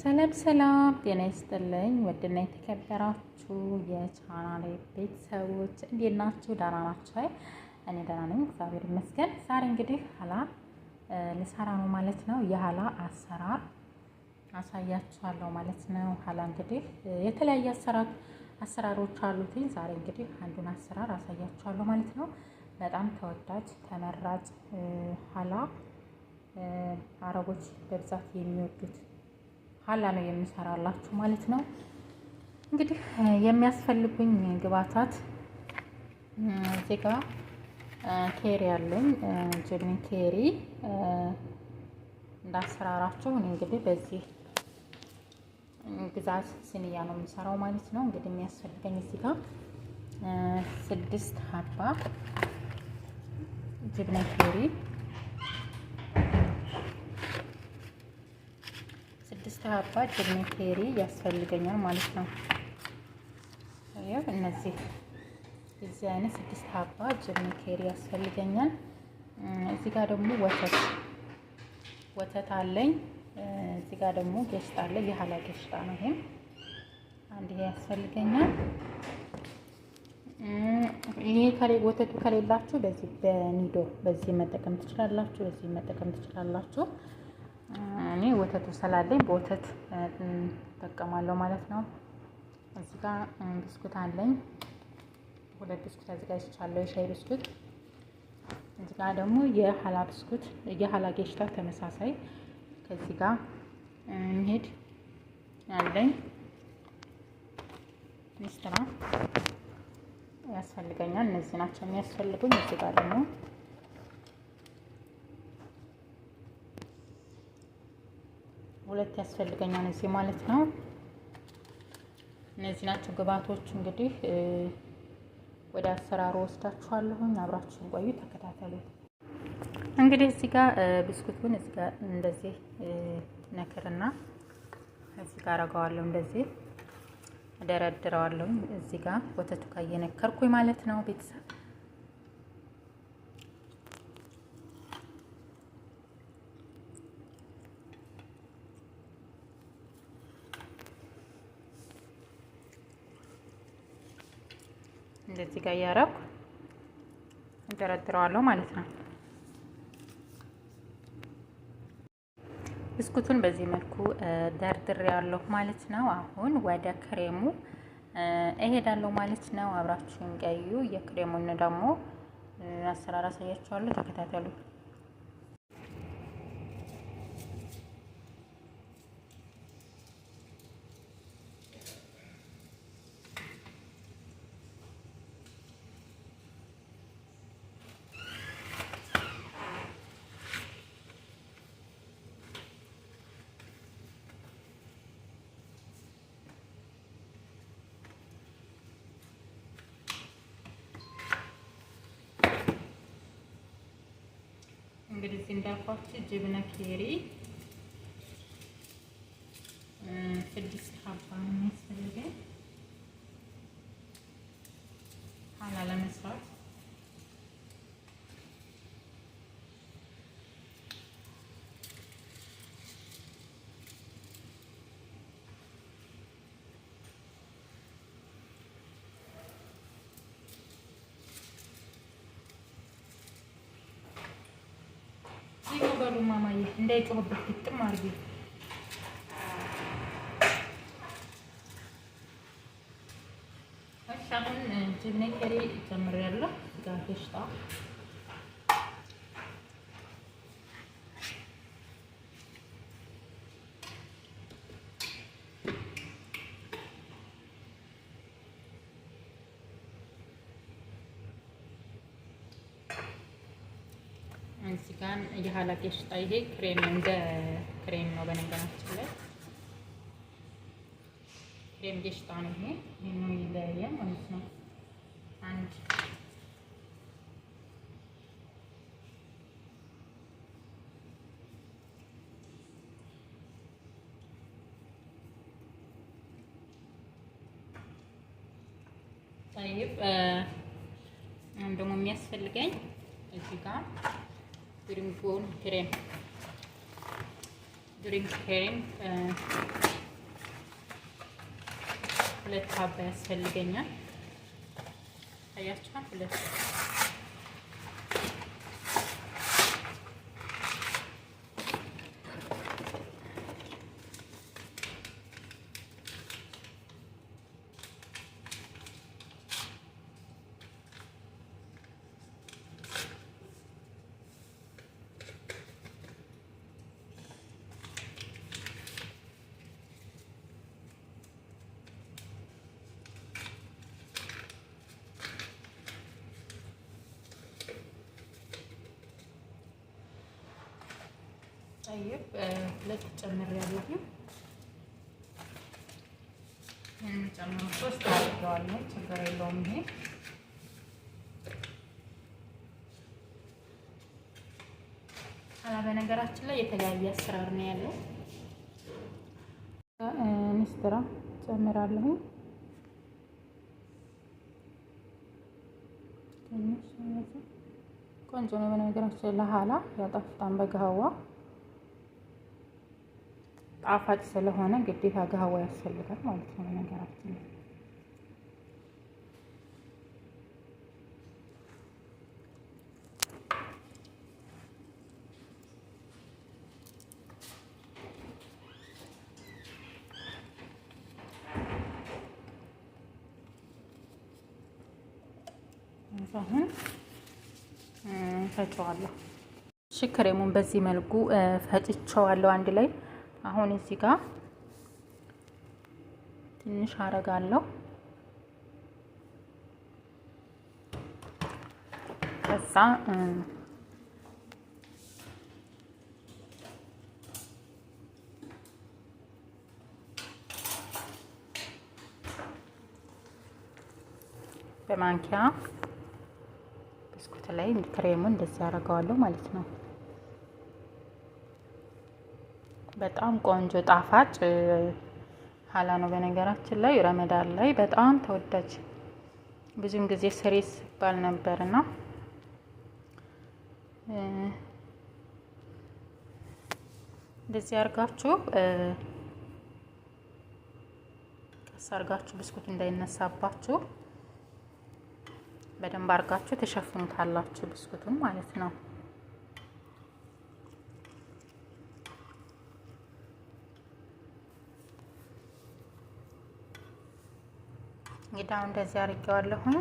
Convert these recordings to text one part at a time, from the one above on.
ሰላም ሰላም፣ ጤና ይስጥልኝ ውድና የተከበራችሁ የቻናሌ ቤተሰቦች እንዴት ናችሁ? ደህና ናችሁ? እኔ ደህና ነኝ፣ እግዚአብሔር ይመስገን። ዛሬ እንግዲህ ሀላ ልሰራ ነው ማለት ነው። የሀላ አሰራር አሳያችኋለሁ ማለት ነው። ሀላ እንግዲህ የተለያየ አሰራር አሰራሮች አሉትኝ። ዛሬ እንግዲህ አንዱን አሰራር አሳያችኋለሁ ማለት ነው። በጣም ተወዳጅ ተመራጭ ሀላ አረቦች በብዛት የሚወዱት ሀላ ነው የምሰራላችሁ ማለት ነው። እንግዲህ የሚያስፈልጉኝ ግብአታት እዚህ ጋ ኬሪ አለኝ ጅብን ኬሪ እንዳሰራራችሁ እኔ እንግዲህ በዚህ ግዛት ስንያ ነው የምሰራው ማለት ነው። እንግዲህ የሚያስፈልገኝ እዚህ ስድስት ሀባ ጅብነ ኬሪ ሀባ ጅብን ኬሪ ያስፈልገኛል ማለት ነው። እነዚህ እዚህ አይነት ስድስት ሀባ ጅብን ኬሪ ያስፈልገኛል። እዚህ ጋር ደግሞ ወተት ወተት አለኝ። እዚህ ጋር ደግሞ ጌሽጣ አለ። የሀላ ጌሽጣ ነው። ይሄም አንድ ይሄ ያስፈልገኛል። ይሄ ወተቱ ከሌላችሁ በዚህ በኒዶ በዚህ መጠቀም ትችላላችሁ። በዚህ መጠቀም ትችላላችሁ። እኔ ወተቱ ስላለኝ በወተት እጠቀማለሁ ማለት ነው። እዚህ ጋር ብስኩት አለኝ። ሁለት ብስኩት አዘጋጅቻለሁ፣ የሻይ ብስኩት። እዚህ ጋር ደግሞ የሀላ ብስኩት፣ የሀላ ጌሽታ ተመሳሳይ ከዚህ ጋር እንሄድ አለኝ። ሚስጥራ ያስፈልገኛል። እነዚህ ናቸው የሚያስፈልጉኝ። እዚህ ጋር ደግሞ ሁለት ያስፈልገኛል እዚህ ማለት ነው። እነዚህ ናቸው ግብአቶች። እንግዲህ ወደ አሰራሩ ወስዳችኋለሁኝ። አብራችሁን ቆዩ፣ ተከታተሉ። እንግዲህ እዚህ ጋር ብስኩቱን እዚህ ጋር እንደዚህ ነክርና እዚህ ጋር አረገዋለሁ። እንደዚህ ደረድረዋለሁ እዚህ ጋር ወተቱ ጋር እየነከርኩኝ ማለት ነው ቤተሰብ እንደዚህ ጋር እያረኩ እደረድረዋለሁ ማለት ነው። ብስኩቱን በዚህ መልኩ ደርድሬያለሁ ማለት ነው። አሁን ወደ ክሬሙ እሄዳለሁ ማለት ነው። አብራችሁን ቀዩ። የክሬሙን ደግሞ አሰራር አሳያችኋለሁ። ተከታተሉ። እንግዲህ እዚህ እንዳልኳችሁ ጅብነ ኬሪ ስድስት ሀባ ነው የሚያስፈልገን ሀላ ለመስራት በሉ ማማዬ፣ እንዳይጮህበት ግጥም አድርጊ። አሁን ጅብነ ከሪ ጀምሬያለሁ ጋር ሽጣ በጣም የሀላፊ ሽታ ይሄ ክሬም እንደ ክሬም ነው። በነገራችን ላይ ክሬም ሽታ ነው ይሄ ይህኑ ይለያየ ማለት ነው። አንድ ጠይብ ደግሞ የሚያስፈልገኝ እዚህ ጋር ድሪንኩን ክሬም ድሪንክ ክሬም ሁለት ሀባ ያስፈልገኛል። ታያችኋል ሁለት ጠይብ ሁለት ጨምር ያለብኝ የሚጨምሩ ሶስት አድርገዋለሁ። ችግር የለውም ይሄ በነገራችን ላይ የተለያየ አሰራር ነው ያለው። ሚስትራ ጨምራለሁ ቆንጆ ነው። በነገራችን ላይ ለሀላ ያጣፍጣን በገሀዋ ጣፋጭ ስለሆነ ግዴታ ጋህዋ ያስፈልጋል ማለት ነው። ነገራችን አሁን ፈጨዋለሁ። ሽክሬሙን በዚህ መልኩ ፈጭቸዋለሁ አንድ ላይ አሁን እዚህ ጋር ትንሽ አረጋለሁ። ከዛ በማንኪያ ብስኩት ላይ ክሬሙን እንደዚህ አደርገዋለሁ ማለት ነው። በጣም ቆንጆ ጣፋጭ ሀላ ነው። በነገራችን ላይ ረመዳን ላይ በጣም ተወዳጅ ብዙም ጊዜ ስሬስ ይባል ነበርና እንደዚህ አርጋችሁ ቀስ አርጋችሁ ብስኩት እንዳይነሳባችሁ በደንብ አርጋችሁ ተሸፍኑታላችሁ ብስኩቱን ማለት ነው። እንግዲህ አሁን እንደዚህ አድርጌዋለሁኝ።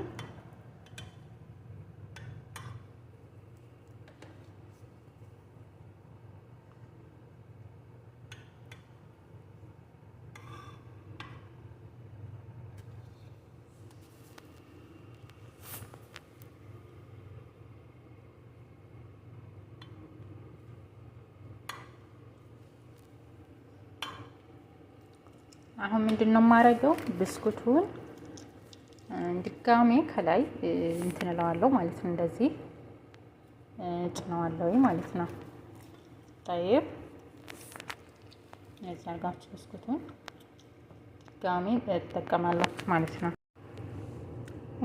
አሁን ምንድን ነው የማደርገው ብስኩቱን ድጋሜ ከላይ እንትን እለዋለሁ ማለት ነው። እንደዚህ ጭነዋለሁ ማለት ነው። ጠይብ እነዚህ አድርጋችሁ ብስኩቱን ድጋሜ እጠቀማለሁ ማለት ነው።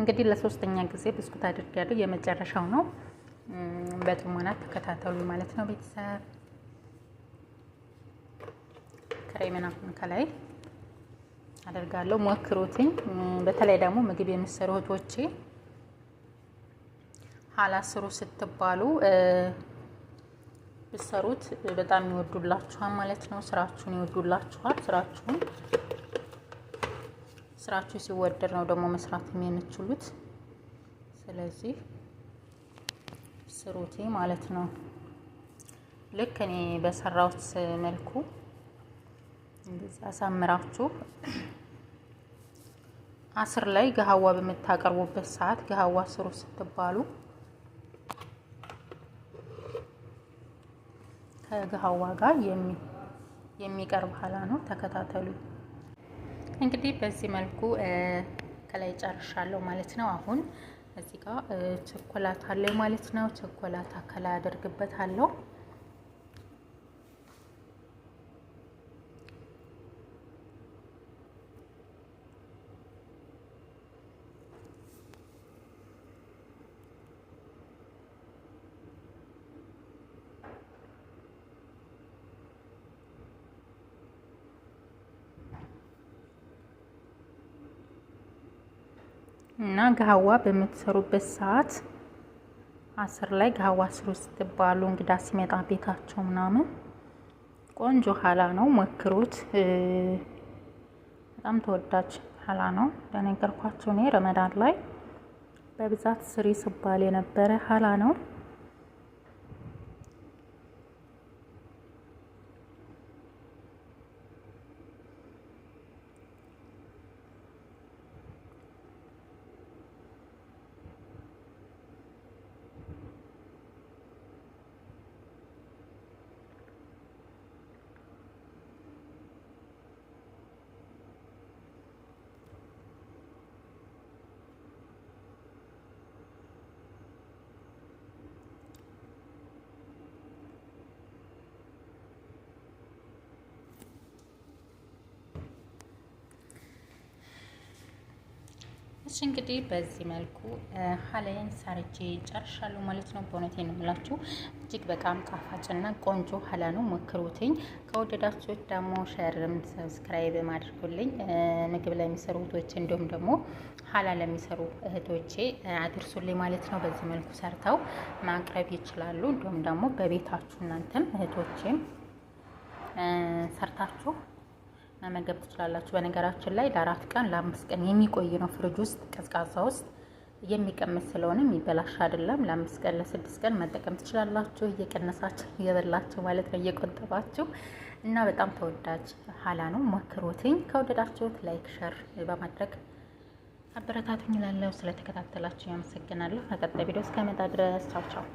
እንግዲህ ለሶስተኛ ጊዜ ብስኩት አድርጌያለሁ። የመጨረሻው ነው። በጥሞና ተከታተሉ ማለት ነው ቤተሰብ ከላይ ምናምን ከላይ አደርጋለሁ። ሞክሩትኝ። በተለይ ደግሞ ምግብ የምሰሩ እህቶቼ ስሩ ስትባሉ ብሰሩት በጣም ይወዱላችኋል ማለት ነው። ስራችሁን ይወዱላችኋል። ስራችሁን ስራችሁ ሲወደድ ነው ደግሞ መስራት የምትችሉት። ስለዚህ ስሩቲ ማለት ነው። ልክ እኔ በሰራሁት መልኩ እንደዚህ አሳምራችሁ አስር ላይ ገሀዋ በምታቀርቡበት ሰዓት ገሀዋ አስሩ ስትባሉ ከገሀዋ ጋር የሚቀርብ ሀላ ነው። ተከታተሉ። እንግዲህ በዚህ መልኩ ከላይ ጨርሻለሁ ማለት ነው። አሁን እዚህ ጋር ቸኮላት አለኝ ማለት ነው። ቸኮላት ከላይ አደርግበታለሁ። እና ገሀዋ በምትሰሩበት ሰዓት አስር ላይ ገሀዋ ስሩ ስትባሉ እንግዳ ሲመጣ ቤታቸው ምናምን ቆንጆ ሀላ ነው፣ ሞክሩት። በጣም ተወዳጅ ሀላ ነው። ለነገርኳቸው እኔ ረመዳን ላይ በብዛት ስሪ ስባል የነበረ ሀላ ነው። እሺ እንግዲህ በዚህ መልኩ ሀላይን ሰርቼ ጨርሻለሁ ማለት ነው። በእውነቴ ነው የምላችሁ እጅግ በጣም ጣፋጭና ቆንጆ ሀላ ነው። ሞክሩትኝ። ከወደዳችሁት ደግሞ ሸርም ሰብስክራይብ አድርጉልኝ። ምግብ ለሚሰሩ እህቶች እንዲሁም ደግሞ ሀላ ለሚሰሩ እህቶቼ አድርሱልኝ ማለት ነው። በዚህ መልኩ ሰርተው ማቅረብ ይችላሉ። እንዲሁም ደግሞ በቤታችሁ እናንተም እህቶቼም ሰርታችሁ መመገብ ትችላላችሁ። በነገራችን ላይ ለአራት ቀን ለአምስት ቀን የሚቆይ ነው ፍሪጅ ውስጥ ቀዝቃዛ ውስጥ የሚቀመጥ ስለሆነ የሚበላሽ አይደለም። ለአምስት ቀን ለስድስት ቀን መጠቀም ትችላላችሁ። እየቀነሳችሁ እየበላችሁ ማለት ነው እየቆጠባችሁ እና በጣም ተወዳጅ ሀላ ነው። ሞክሩትኝ። ከወደዳችሁት ላይክ፣ ሸር በማድረግ አበረታቱኝ እላለሁ። ስለተከታተላችሁ ያመሰግናለሁ። በቀጣይ ቪዲዮ እስከመጣ ድረስ ቻው ቻው።